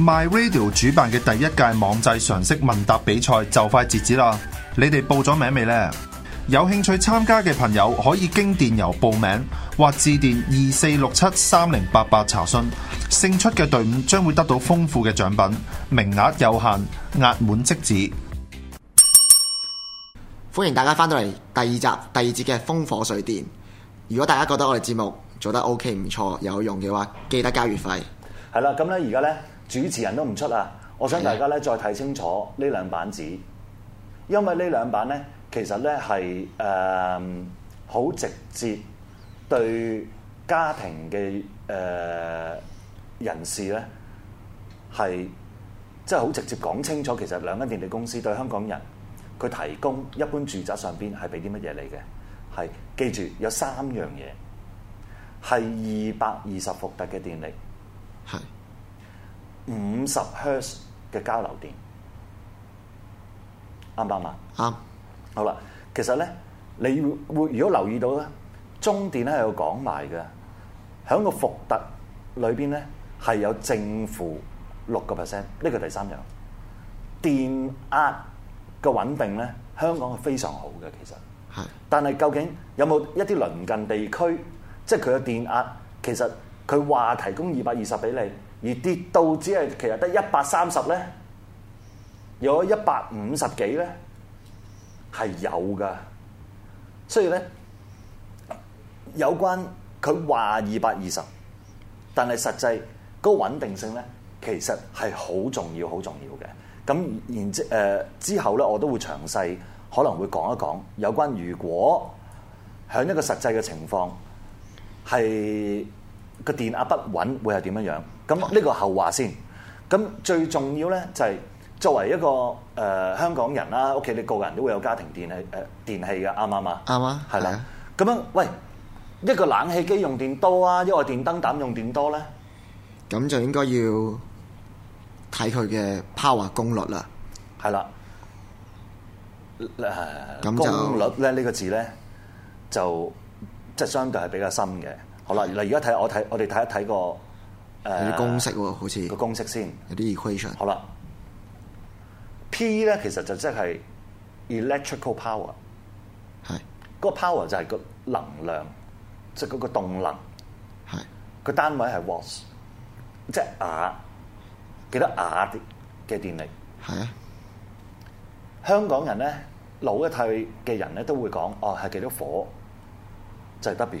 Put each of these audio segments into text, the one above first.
My Radio 主辦嘅第一屆網際常識問答比賽就快截止啦！你哋報咗名未呢？有興趣參加嘅朋友可以經電郵報名或致電二四六七三零八八查詢。勝出嘅隊伍將會得到豐富嘅獎品，名額有限，額滿即止。歡迎大家翻到嚟第二集第二節嘅風火水電。如果大家覺得我哋節目做得 OK 唔錯有用嘅話，記得交月費。係啦，咁咧而家呢。主持人都唔出啊！我想大家咧再睇清楚呢兩版紙，因為呢兩版呢，其實呢，係誒好直接對家庭嘅誒、呃、人士呢，係即係好直接講清楚，其實兩間電力公司對香港人佢提供一般住宅上邊係俾啲乜嘢嚟嘅？係記住有三樣嘢係二百二十伏特嘅電力。五十赫茲嘅交流電，啱唔啱啊？啱，好啦，其實咧，你會如果留意到咧，中電咧係有講埋嘅，喺個伏特裏邊咧係有正負六個 percent，呢個第三樣，電壓嘅穩定咧，香港係非常好嘅，其實係，但係究竟有冇一啲鄰近地區，即係佢嘅電壓，其實？佢話提供二百二十俾你，而跌到只係其實得一百三十咧，有一百五十幾咧，係有㗎。所以咧，有關佢話二百二十，但係實際嗰個穩定性咧，其實係好重要、好重要嘅。咁然之誒、呃、之後咧，我都會詳細可能會講一講有關。如果喺一個實際嘅情況係。是個電壓不穩會係點樣樣？咁呢個後話先。咁最重要咧就係作為一個誒、呃、香港人啦、啊，屋企你個人都會有家庭電器誒、呃、電器嘅，啱唔啱啊？啱啊，係啦。咁樣，喂，一個冷氣機用電多啊，一個電燈膽用電多咧，咁就應該要睇佢嘅 power 功率啦。係啦、呃，功率咧呢、呢個字咧就即係相對係比較深嘅。好啦，嗱，而家睇我睇我哋睇一睇個誒公式喎，好似個公式先。有啲 equation 好。好啦，P 咧其實就即係 electrical power。係。嗰個 power 就係個能量，即係嗰個動能。係。個單位係 watts，即係瓦、啊，幾多瓦啲嘅電力。係啊。香港人咧，老一替嘅人咧都會講，哦係幾多火，就係、是、W。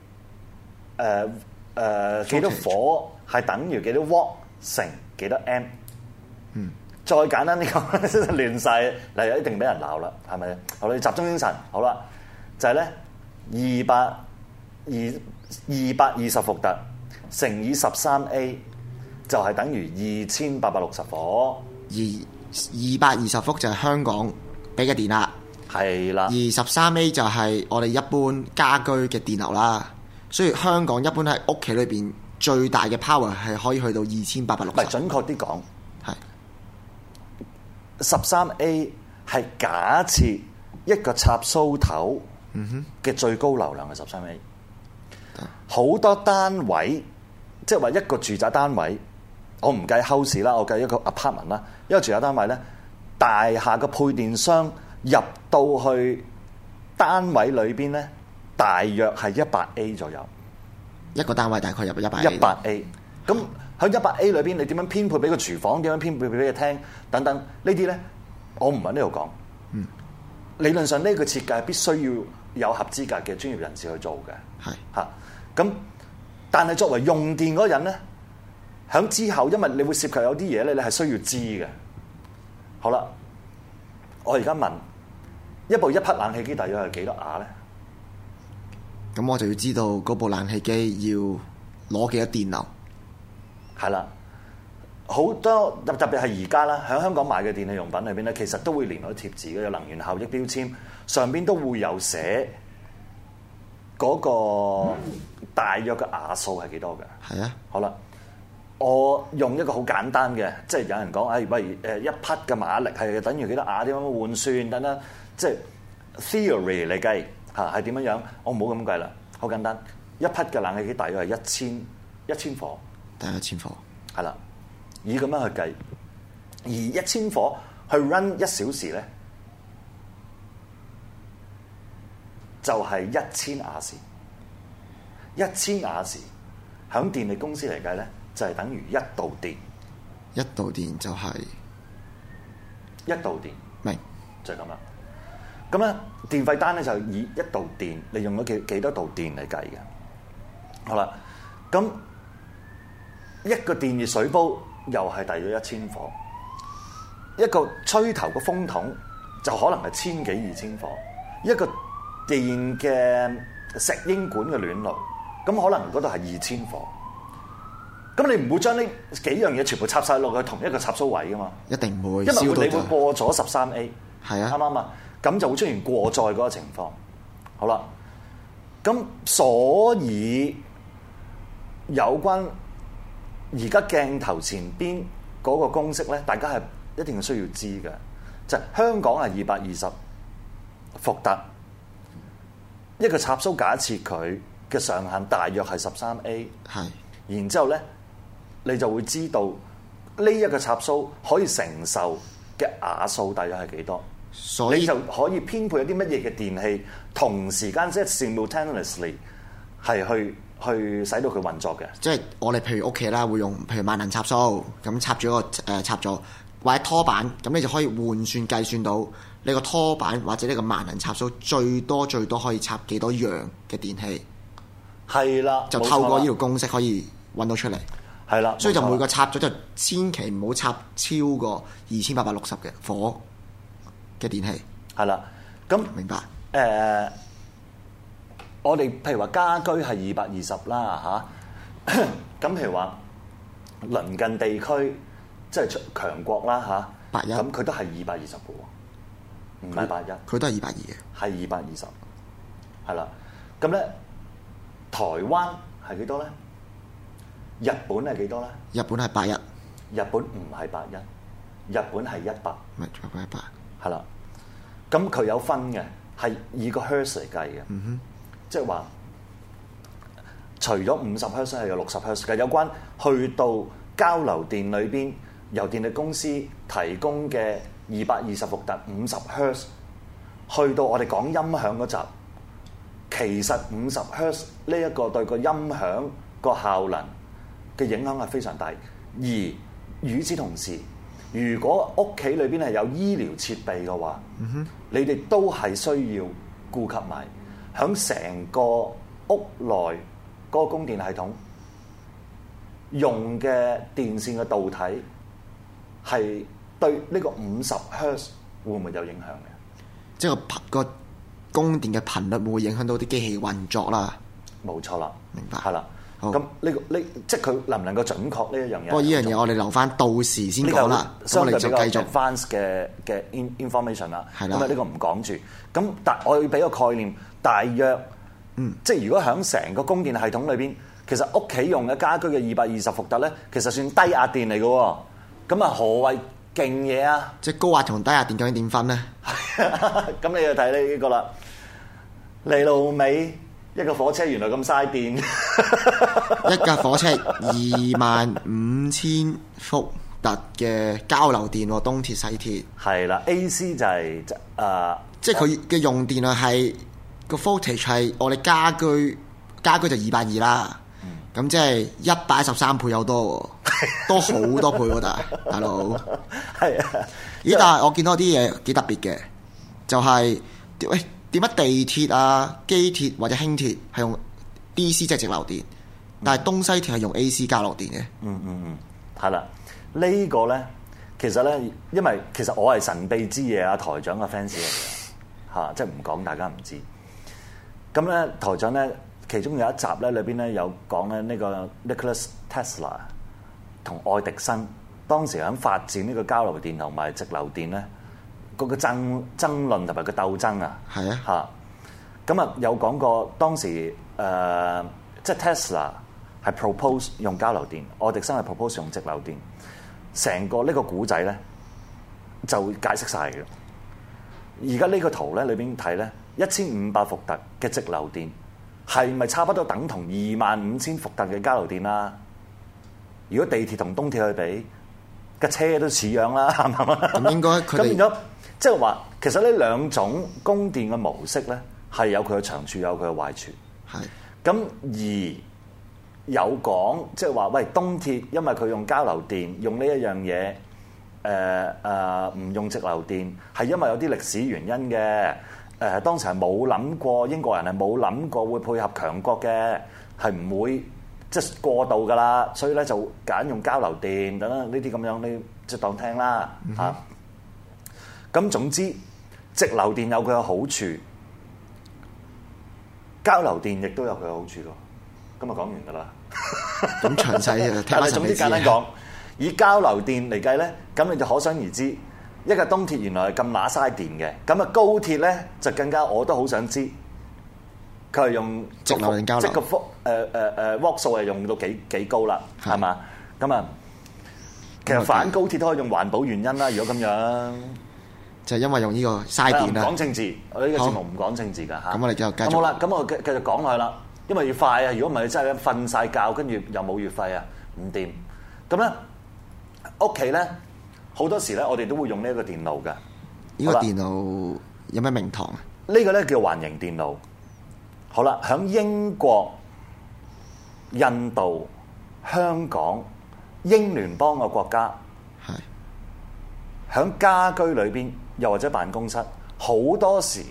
誒、呃、誒，幾多火係等於幾多 w a 瓦乘幾多 M？嗯，再簡單啲講，真係，亂晒，一定俾人鬧啦，係咪？我哋集中精神，好啦，就係咧二百二二百二十伏特乘以十三 A 就係等於二千八百六十火，二二百二十伏就係香港俾嘅電壓啦，係啦，而十三 A 就係我哋一般家居嘅電流啦。所以香港一般喺屋企裏邊最大嘅 power 係可以去到二千八百六十。唔係，準確啲講，十三 A 係假設一個插蘇頭嘅最高流量嘅十三 A。好多單位，即係話一個住宅單位，我唔計 house 啦，我計一個 apartment 啦。一個住宅單位呢，大廈個配電箱入到去單位裏面呢。大約係一百 A 左右，一個單位大概入一百 A。一百 A，咁喺一百 A 裏邊，你點樣編配俾個廚房？點樣編配俾俾個廳？等等呢啲咧，我唔喺呢度講。嗯，理論上呢個設計必須要有合資格嘅專業人士去做嘅。係嚇，咁但係作為用電嗰人咧，喺之後，因為你會涉及有啲嘢咧，你係需要知嘅。好啦，我而家問一部一匹冷氣機大約係幾多瓦咧？咁我就要知道嗰部冷氣機要攞幾多電流，係啦，好多特特別係而家啦，喺香港買嘅電器用品裏邊咧，其實都會連埋貼字嘅能源效益標籤，上邊都會有寫嗰個大約嘅瓦數係幾多嘅。係啊，好啦，我用一個好簡單嘅，即係有人講，哎喂，誒一匹嘅馬力係等於幾多瓦？點樣換算？等等，即係 theory 嚟計。嚇係點樣樣？我唔好咁計啦，好簡單，一匹嘅冷氣機大約係一千一千火，大約一千火，係啦，以咁樣去計，而一千火去 run 一小時咧，就係一千瓦時，一千瓦時，響電力公司嚟計咧，就係等於一度電，一度電就係一度電，明就係咁樣。咁咧，電費單咧就以一度電，你用咗幾幾多度電嚟計嘅。好啦，咁一個電熱水煲又係大咗一千火，一個吹頭嘅風筒就可能係千幾二千火，一個電嘅石英管嘅暖爐，咁可能嗰度係二千火。咁你唔會將呢幾樣嘢全部插晒落去同一個插蘇位噶嘛？一定唔會，因為你會過咗十三 A，係啊，啱唔啱啊？咁就會出現過載嗰個情況好。好啦，咁所以有關而家鏡頭前邊嗰個公式咧，大家係一定需要知嘅。就係、香港係二百二十伏特，一個插蘇假設佢嘅上限大約係十三 A，係。然之後咧，你就會知道呢一個插蘇可以承受嘅瓦數大約係幾多。所以你就可以編配一啲乜嘢嘅電器，同時間即係 simultaneously 係去去使到佢運作嘅。即係我哋譬如屋企啦，會用譬如萬能插蘇咁插住個誒插座，或者拖板咁，你就可以換算計算到你個拖板或者呢個萬能插蘇最多最多可以插幾多樣嘅電器。係啦，就透過呢條公式可以揾到出嚟。係啦，所以就每個插座，就千祈唔好插超過二千八百六十嘅火。嘅電器係啦，咁明白？誒、呃，我哋譬如話家居係二百二十啦，吓。咁譬如話鄰近地區即係強國啦，吓。八一，咁佢都係二百二十嘅喎，唔係八一，佢都係二百二嘅，係二百二十。係啦，咁咧台灣係幾多咧？日本係幾多咧？日本係八一，日本唔係八一，日本係一百，唔係，日本一百。係啦，咁佢有分嘅，係以個 hertz 嚟計嘅，即係話除咗五十 hertz 係有六十 hertz 嘅，有關去到交流電裏邊由電力公司提供嘅二百二十伏特五十 hertz，去到我哋講音響嗰集，其實五十 hertz 呢一個對個音響個效能嘅影響係非常大，而與此同時。如果屋企裏面係有醫療設備嘅話，mm -hmm. 你哋都係需要顧及埋，喺成個屋內嗰個供電系統用嘅電線嘅導體係對呢個五十赫茲會唔會有影響嘅？即係個頻個供電嘅頻率會唔會影響到啲機器運作啦？冇錯啦，明白。好啦。咁呢、呢個呢，即係佢能唔能夠準確呢一樣嘢？不過呢樣嘢我哋留翻到時先講啦。所以就繼續繼續 advance 嘅嘅 information 啦。咁啊呢個唔講住。咁但我要俾個概念，大約，嗯，即係如果喺成個供電系統裏邊，其實屋企用嘅家居嘅二百二十伏特咧，其實算低壓電嚟嘅喎。咁啊何謂勁嘢啊？即係高壓同低壓電究竟點分咧？咁 你就睇呢個啦。你老味。一個火車原來咁嘥電， 一架火車二萬五千伏特嘅交流電喎，東鐵西鐵係啦，AC 就係、是呃、即係佢嘅用電量係個 voltage 係我哋家居家居，就二百二啦，咁即係一百一十三倍有多，多 好多倍喎，大大佬，係啊，咦但係我見到啲嘢幾特別嘅，就係、是，喂、哎。點解地鐵啊、機鐵或者輕鐵係用 DC 即係直流電，但係東西鐵係用 AC 交流電嘅。嗯嗯嗯，係、嗯、啦，嗯嗯這個、呢個咧其實咧，因為其實我係神秘之夜啊，台長嘅 fans 嚟嘅嚇， 即係唔講大家唔知道。咁咧，台長咧，其中有一集咧，裏邊咧有講咧呢個 Nicholas Tesla 同愛迪生當時喺發展呢個交流電同埋直流電咧。個個爭爭論同埋個鬥爭啊，係啊嚇，咁啊有講過當時誒、呃，即係 Tesla 係 propose 用交流電，愛迪生係 propose 用直流電，成個，這個呢個古仔咧就解釋晒嘅。而家呢個圖咧裏邊睇咧，一千五百伏特嘅直流電係咪差不多等同二萬五千伏特嘅交流電啦？如果地鐵同東鐵去比，架車都似樣啦，係咪啊？應該咁 變咗。即係話，其實呢兩種供電嘅模式呢，係有佢嘅長處，有佢嘅壞處。係咁而有講，即係話，喂，東鐵因為佢用交流電，用呢一樣嘢，誒誒，唔用直流電，係因為有啲歷史原因嘅。誒，當時係冇諗過，英國人係冇諗過會配合強國嘅，係唔會即係過度噶啦。所以呢就揀用交流電等等呢啲咁樣，你即係當聽啦，嚇。咁總之，直流電有佢嘅好處，交流電亦都有佢嘅好處咯。咁就講完㗎啦。咁詳細嘅， 但係總之簡單講， 以交流電嚟計咧，咁你就可想而知，一個東鐵原來咁麻嘥電嘅，咁啊高鐵咧就更加，我都好想知佢係用直流電交流，即個幅誒誒呃，W 數係用到幾幾高啦，係嘛？咁、嗯、啊，其實反高鐵都可以用環保原因啦。如果咁樣。就係因為用呢個嘥電啦。講政治，我呢個節目唔講政治噶嚇。咁我哋之後繼續。好啦，咁我繼繼續講落去啦。因為要快啊，如果唔係真係瞓曬覺，跟住又冇月費啊，唔掂。咁咧，屋企咧好多時咧，我哋都會用呢一個電路噶。呢個電路有咩名堂啊？呢個咧叫環形電路。好啦，響英國、印度、香港、英聯邦嘅國家，係響家居裏邊，又或者辦公室好多時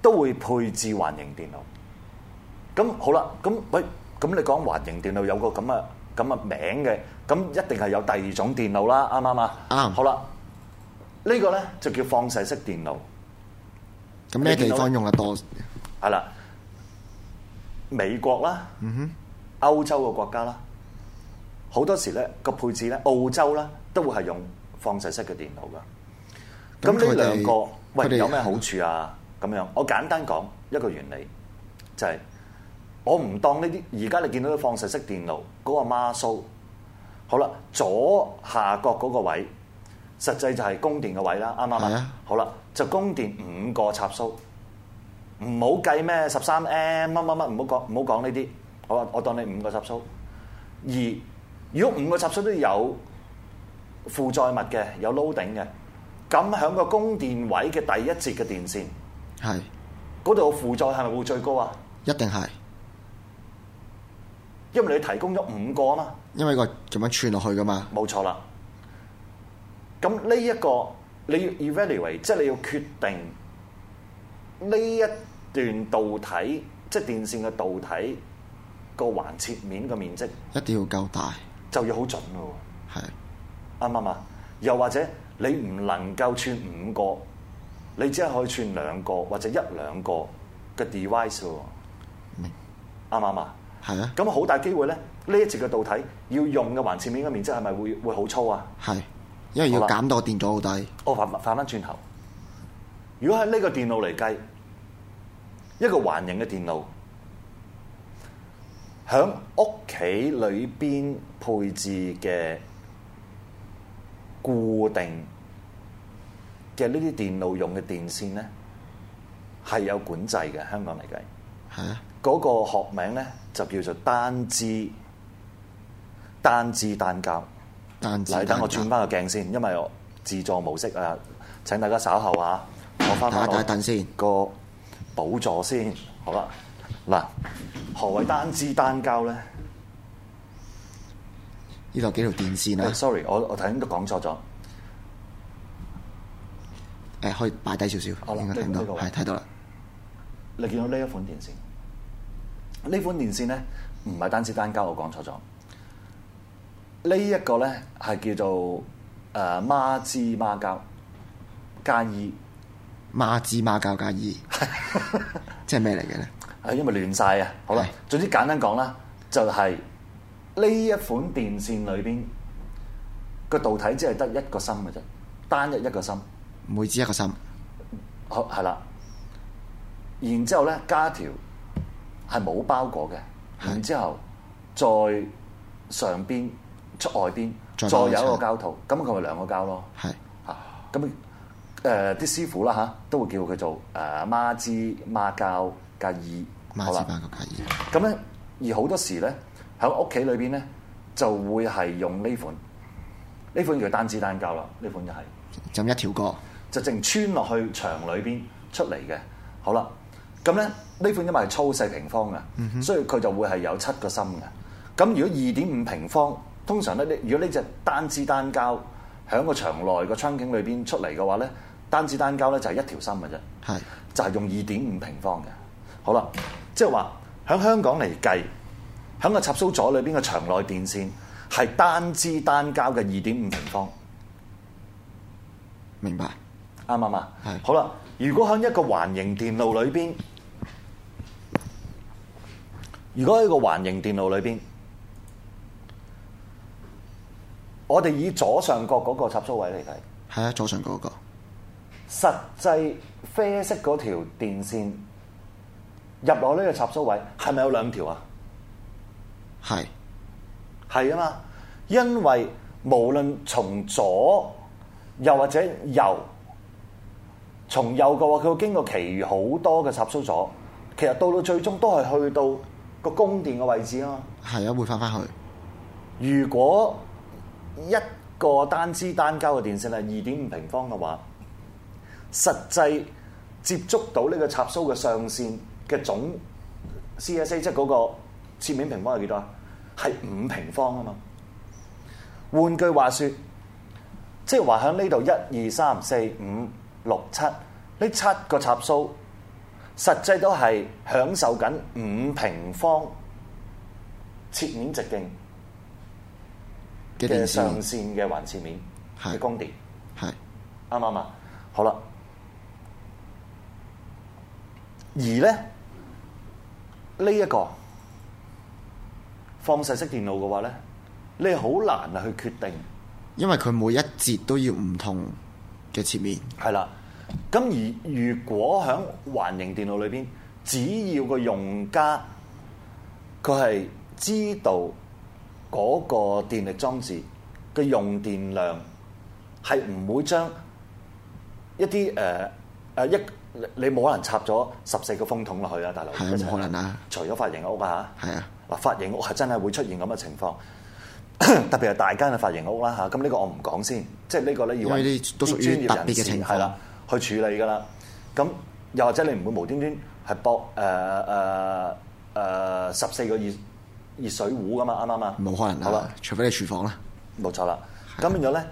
都會配置環形電路。咁好啦，咁喂，咁你講環形電路有個咁嘅咁啊名嘅，咁一定係有第二種電路啦，啱唔啱啊？啊、嗯，好啦，呢個咧就叫放射式電路。咁咩地方用得、啊、多？係啦， 美國啦、啊，嗯、哼，歐洲嘅國家啦、啊，好多時咧個配置咧澳洲啦都會係用放射式嘅電路㗎。咁呢兩個，喂，有咩好處啊？咁樣，我簡單講一個原理，就係，就係我唔當呢啲。而家你見到啲放射式電路嗰個孖蘇，好啦，左下角嗰個位，實際就係供電嘅位啦，啱唔啱？好啦，就供電五個插蘇，唔好計咩十三 m 乜乜乜，唔好講，唔好講呢啲。我我當你五個插蘇，而如果五個插蘇都有負載物嘅，有 loading 嘅。咁喺個供電位嘅第一節嘅電線，係嗰度嘅負載係咪會最高啊？一定係，因為你提供咗五個嘛，因為個咁樣串落去噶嘛。冇錯啦。咁呢一個你要 evaluate，即係你要決定呢一段導體，即係電線嘅導體個橫切面嘅面積一定要夠大，就要好準咯。係，啱唔啱？又或者？你唔能夠串五個，你只係可以串兩個或者一兩個嘅 device。明啱唔啱啊？係啊。咁好大機會咧，呢一節嘅導體要用嘅環切面嘅面積係咪會會好粗啊？係，因為要減到電阻好低。我反反翻轉頭，如果喺呢個電路嚟計，一個環形嘅電路響屋企裏邊配置嘅。固定嘅呢啲電腦用嘅電線咧，係有管制嘅。香港嚟計吓，嗰、啊那個學名咧就叫做單支單支單膠。嚟，等我轉翻個鏡先，因為我自助模式啊。請大家稍後啊，我翻等先個補助先。好啦，嗱，何謂單支單膠咧？呢度幾條電線啊？Sorry，我我睇都講錯咗。誒、欸，可以擺低少少，應該聽到，係、這、睇、個、到啦。你見到呢一款電線，呢、嗯、款電線咧唔係單支單膠，我講錯咗。這一呢一個咧係叫做誒孖支孖膠加二，孖支孖膠加二， 即係咩嚟嘅咧？因為亂晒啊。好啦，總之簡單講啦，就係、是。呢一款電線裏邊個導體只係得一個芯嘅啫，單一一個芯，每支一個芯，係啦。然之後咧加條係冇包裹嘅，然之後再上邊出外邊再，再有一個膠套，咁佢咪兩個膠咯。係嚇，咁誒啲師傅啦嚇，都會叫佢做誒孖枝孖膠加二，孖枝孖膠加二。咁咧而好多時咧。喺屋企裏邊咧，就會係用呢款，呢款叫單支單膠啦。呢款就係、是、就一條過，就淨穿落去牆裏邊出嚟嘅。好啦，咁咧呢款因為係粗細平方嘅、嗯，所以佢就會係有七個心嘅。咁如果二點五平方，通常咧，如果你呢隻單支單膠喺個牆內個窗景裏邊出嚟嘅話咧，單支單膠咧就係一條心嘅啫，係就係、是、用二點五平方嘅。好啦，即係話喺香港嚟計。喺個插蘇座裏邊嘅牆內電線係單支單膠嘅二點五平方，明白對？啱嘛？係。好啦，如果喺一個環形電路裏邊，如果喺個環形電路裏邊，我哋以左上角嗰個插蘇位嚟睇，係啊，左上角嗰個。實際啡色嗰條電線入落呢個插蘇位，係咪有兩條啊？係，係啊嘛，因為無論從左又或者右，從右嘅話佢會經過其餘好多嘅插蘇座，其實到到最終都係去到個供電嘅位置啊嘛。係啊，會回翻翻去。如果一個單支單膠嘅電線係，二點五平方嘅話，實際接觸到呢個插蘇嘅上線嘅總 CSA 即係嗰個。切面平方係幾多啊？係五平方啊嘛。換句話說，即係話喺呢度一二三四五六七呢七個插數，實際都係享受緊五平方切面直徑嘅上線嘅環切面嘅供電，係啱唔啱啊？好啦，而咧呢一個。放射式電路嘅話咧，你好難啊去決定，因為佢每一節都要唔同嘅切面。係啦，咁而如果喺環形電路裏邊，只要個用家佢係知道嗰個電力裝置嘅用電量，係唔會將一啲誒誒一，你冇可能插咗十四個風筒落去啊，大佬。冇可能啊除了，除咗髮型屋啊，係啊。嗱，髮型屋係真係會出現咁嘅情況，特別係大間嘅髮型屋啦嚇。咁、這、呢個我唔講先，即係呢個咧要都屬於專業人士係啦去處理噶啦。咁又或者你唔會無端端係駁誒誒誒十四個熱熱水壺噶嘛？啱啱啊？冇可能，好啦，除非你廚房啦。冇錯啦。咁變咗咧，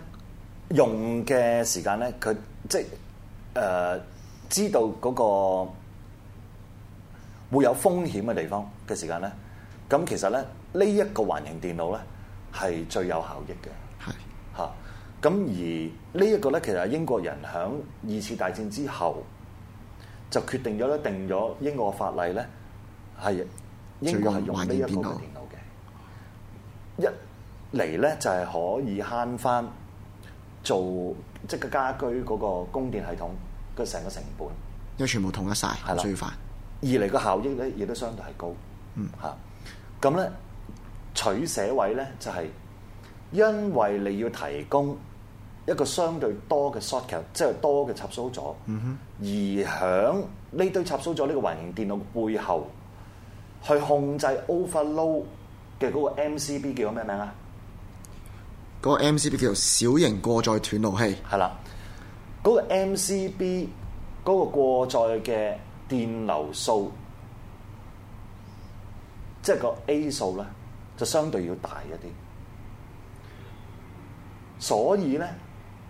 用嘅時間咧，佢即係誒、呃、知道嗰個會有風險嘅地方嘅時間咧。咁其實咧，呢一個環形電路咧係最有效益嘅，係嚇。咁而呢一個咧，其實英國人喺二次大戰之後就決定咗咧，定咗英國法例咧係英國係用呢一個嘅電路嘅。一嚟咧就係可以慳翻做即個家居嗰個供電系統嘅成個成本，因為全部統一晒。係啦最快。二嚟個效益咧亦都相對係高，嗯嚇。咁咧取捨位咧就係、是、因為你要提供一個相對多嘅 socket 即係多嘅插蘇座，嗯、哼而響呢堆插蘇座呢個環形電腦的背後去控制 overload 嘅嗰個 MCB 叫做咩名啊？嗰、那個 MCB 叫小型過載斷路器。係啦，嗰、那個 MCB 嗰個過載嘅電流數。即係個 A 數咧，就相對要大一啲，所以咧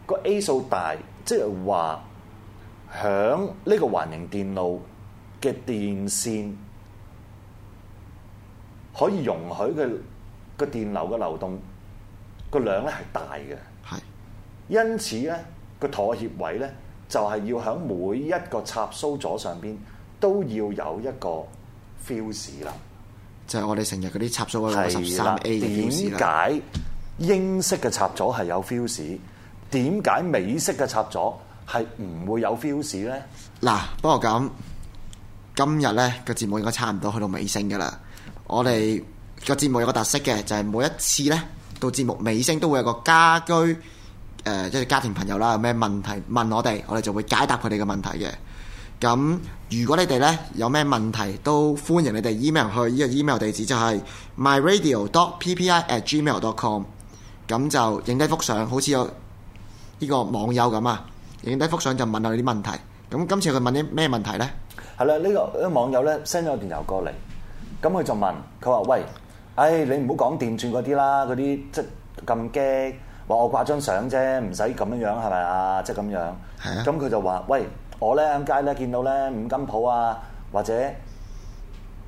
個 A 數大，即係話響呢個環形電路嘅電線可以容許嘅個電流嘅流動個量咧係大嘅，係。因此咧個妥協位咧就係、是、要響每一個插蘇座上邊都要有一個 fuse 啦。就係、是、我哋成日嗰啲插座嗰個十三 A 嘅 fuse 啦。點解英式嘅插座係有 fuse？點解美式嘅插座係唔會有 fuse 呢？嗱，不過咁今日呢、呢個節目應該差唔多去到尾聲噶啦。我哋個節目有個特色嘅，就係、是、每一次呢到節目尾聲都會有一個家居誒，即係家庭朋友啦，有咩問題問我哋，我哋就會解答佢哋嘅問題嘅。咁如果你哋咧有咩問題，都歡迎你哋 email 去呢個 email 地址，就係 myradio dot ppi at gmail dot com 咁就影低幅相，好似有呢個網友咁啊，影低幅相就問下你啲問題。咁今次佢問啲咩問題咧？係啦，呢個啲網友咧 send 咗個電郵過嚟，咁佢就問佢話：，喂，唉，你唔好講電轉嗰啲啦，嗰啲即係咁驚，話我掛張相啫，唔使咁樣樣係咪啊？即咁樣。係啊。咁佢就話：，喂。我咧喺街咧見到咧五金鋪啊，或者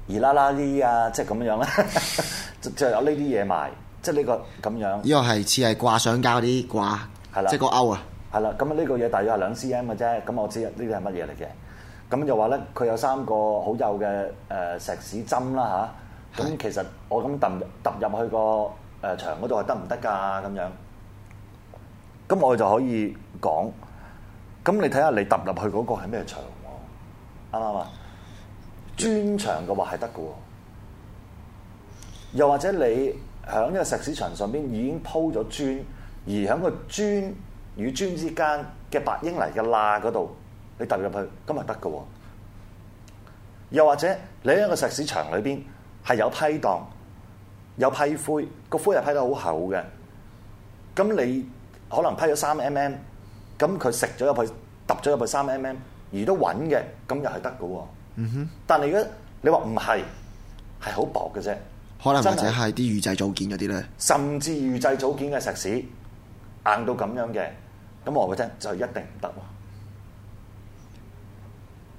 二啦啦啲啊，即係咁樣咧、 這個這個，就有呢啲嘢賣，即係呢個咁樣。呢個係似係掛上膠啲掛，係啦，即係個勾啊，係啦。咁啊呢個嘢大約係兩 CM 嘅啫。咁我知道這是什麼的呢啲係乜嘢嚟嘅。咁又話咧，佢有三個好幼嘅誒石屎針啦、啊、吓，咁、啊、其實我咁揼揼入去、那個誒牆嗰度係得唔得噶咁樣？咁我就可以講。咁你睇下你揼入去嗰個係咩牆喎？啱啱啊？磚牆嘅話係得喎。又或者你喺呢個石屎牆上面已經鋪咗磚，而喺個磚與磚之間嘅白英泥嘅罅嗰度，你揼入去，咁咪得喎。又或者你喺個石屎牆裏面係有批檔，有批灰，個灰係批得好厚嘅，咁你可能批咗三 mm。咁佢食咗入去，揼咗入去三 mm，而都穩嘅，咁又係得嘅喎。嗯哼。但係如果你話唔係，係好薄嘅啫，可能或者係啲預製組件嗰啲咧。甚至預製組件嘅石屎硬到咁樣嘅，咁我話俾你聽，就一定唔得喎。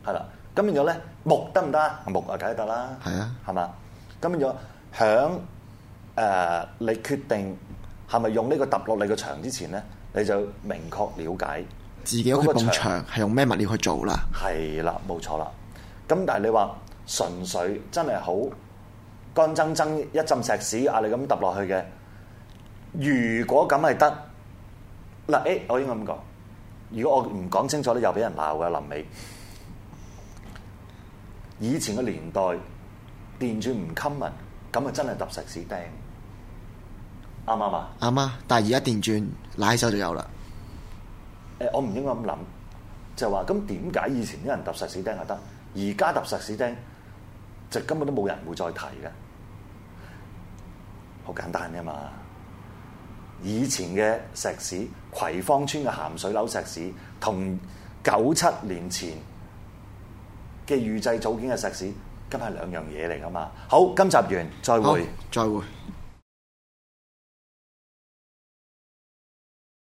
係啦，咁變咗咧，木得唔得啊？木啊，梗係得啦。係啊，係嘛？咁變咗響誒，你決定係咪用呢個揼落你個牆之前咧？你就明確了解自己屋企埲牆係用咩物料去做啦。係、那、啦、個，冇錯啦。咁但係你話純粹真係好乾爭爭一浸石屎啊，你咁揼落去嘅，如果咁係得嗱？誒，我應該咁講。如果我唔講清楚咧，又俾人鬧嘅臨尾。以前嘅年代電鑽唔襟聞，咁啊真係揼石屎掟。啱啱啊？啱啊但係而家電轉，拉手就有啦。誒，我唔應該咁諗，就話咁點解以前啲人揼石屎釘就得，而家揼石屎釘就根本都冇人會再提嘅？好簡單噶嘛。以前嘅石屎，葵芳村嘅咸水樓石屎，同九七年前嘅預製組件嘅石屎，根本係兩樣嘢嚟噶嘛。好，今集完再會，再會。